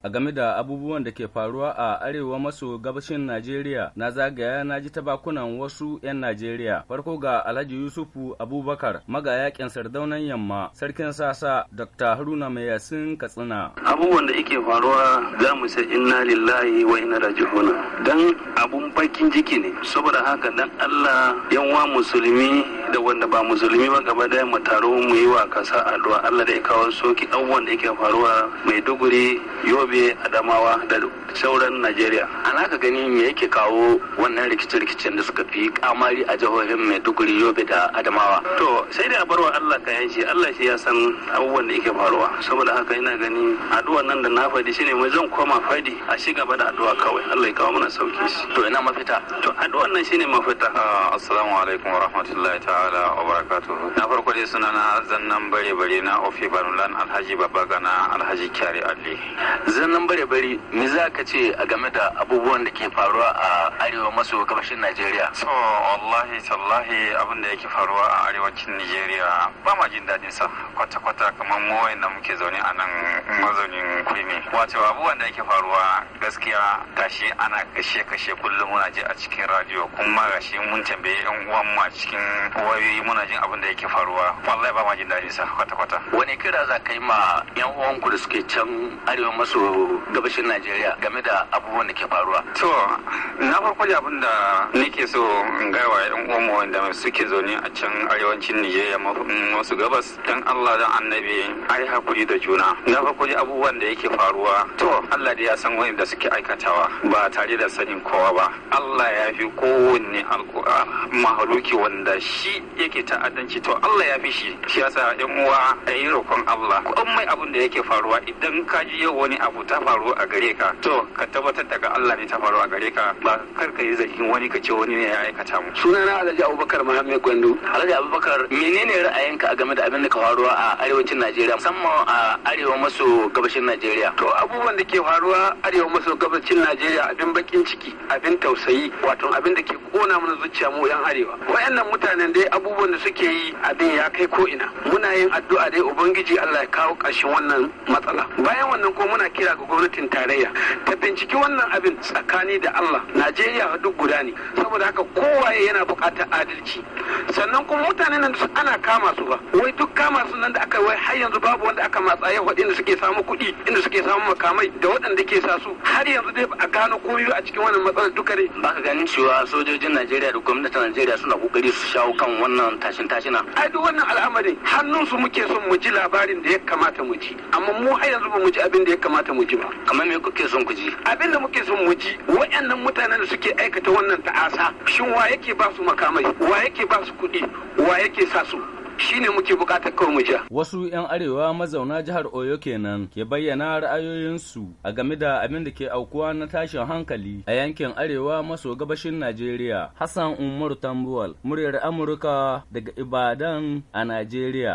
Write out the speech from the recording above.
a game da abubuwan da ke faruwa a arewa maso gabashin Najeriya na zagaya na ji tabakunan wasu 'yan Najeriya farko ga Alhaji Yusufu Abubakar magayakin sardaunan yamma sarkin sasa Dr. Haruna Mai Yasin Katsina abubuwan da yake faruwa za mu sai inna lillahi wa inna raji'una dan abun bakin jiki ne saboda haka dan Allah yanwa musulmi da wanda ba musulmi ba gaba daya mu taro mu yi wa kasa addu'a Allah da ya kawo soki abubuwan da yake faruwa mai duguri Yobe Adamawa da sauran Najeriya an haka gani me yake kawo wannan rikice-rikicen da suka fi kamari a jihohin Maiduguri Yobe da Adamawa to sai dai a barwa Allah ka shi Allah shi ya san abubuwan da yake faruwa saboda haka ina gani addu'a nan da na faɗi shine mai zan koma faɗi a ci gaba da addu'a kawai Allah ya kawo mana sauki to ina mafita to addu'a nan shine mafita ah, assalamu alaikum wa rahmatullahi ta'ala wa barakatuhu na farko dai suna zannan bare bare na ofi barulan alhaji babba gana alhaji kyari ali zannan bare bare me za ka ce a game da abubuwan da ke faruwa a arewa maso gabashin najeriya so wallahi tallahi abin da yake faruwa a arewacin nigeria. ba ma jin dadin sa kwata-kwata kamar mu na muke zaune a nan mazaunin kurmi. Wato abubuwan da yake faruwa gaskiya gashi ana kashe-kashe kullum muna ji a cikin radio kuma gashi mun tambaye yan uwan mu a cikin wayoyi muna jin abin da yake faruwa. Wallahi ba ma jin dadin sa kwata-kwata. Wani kira za ka yi ma yan uwan ku da suke can arewa maso gabashin Nigeria game da abubuwan da ke faruwa? To, na farko abin da nake so in gaya wa yan uwan mu wanda suke zaune a can arewacin je masu gabas dan Allah dan annabi ai hakuri da juna na fa kuji abubuwan da yake faruwa to Allah da ya san wani da suke aikatawa ba tare da sanin kowa ba Allah ya fi kowanne mahaluki wanda shi yake ta'addanci to Allah ya fi shi shi yasa yan uwa a yi roƙon Allah kun mai abun da yake faruwa idan ka ji yau wani abu ta faru a gare ka to ka tabbatar daga Allah ne ta faru a gare ka ba kar ka yi zargin wani ka ce wani ne ya aikata mu sunana Alhaji Abubakar Muhammad Gwandu Alhaji Abubakar menene ra'ayinka a game da abin da ka faruwa a arewacin najeriya musamman a arewa maso gabashin najeriya to abubuwan da ke faruwa arewa maso gabashin najeriya abin bakin ciki abin tausayi wato abin da ke kona mana zuciya mu yan arewa wayannan mutanen dai abubuwan da suke yi abin ya kai ko ina muna yin addu'a dai ubangiji Allah ya kawo ƙarshen wannan matsala bayan wannan ko muna kira ga gwamnatin tarayya ta binciki wannan abin tsakani da Allah Najeriya duk guda ne saboda haka kowaye yana buƙatar adalci sannan kuma mutanen nan duk ana kama su ba wai duk kama su nan da aka wai har yanzu babu wanda aka matsa yau inda suke samu kuɗi inda suke samu makamai da waɗanda ke sa su har yanzu dai a gano komai a cikin wannan matsalar duka ne ba ka ganin cewa sojojin Najeriya da gwamnatin Najeriya suna kokari su shawo kan wannan tashin tashina ai duk wannan al'amarin hannun su muke son mu ji labarin da ya kamata mu ji amma mu har yanzu ba mu ji abin da ya kamata mu ji ba kamar me kuke son ku ji abin da muke son mu ji waɗannan mutanen da suke aikata wannan ta'asa shin wa yake ba su makamai wa yake ba su kuɗi wa yake sa sa su ne muke bukatar kawai mu ja. Wasu 'yan arewa mazauna jihar Oyo kenan ke bayyana ra'ayoyinsu a game da abin da ke aukuwa na tashin hankali a yankin arewa maso gabashin Najeriya. Hassan Umaru Tambuwal, muryar Amurka daga Ibadan a Najeriya.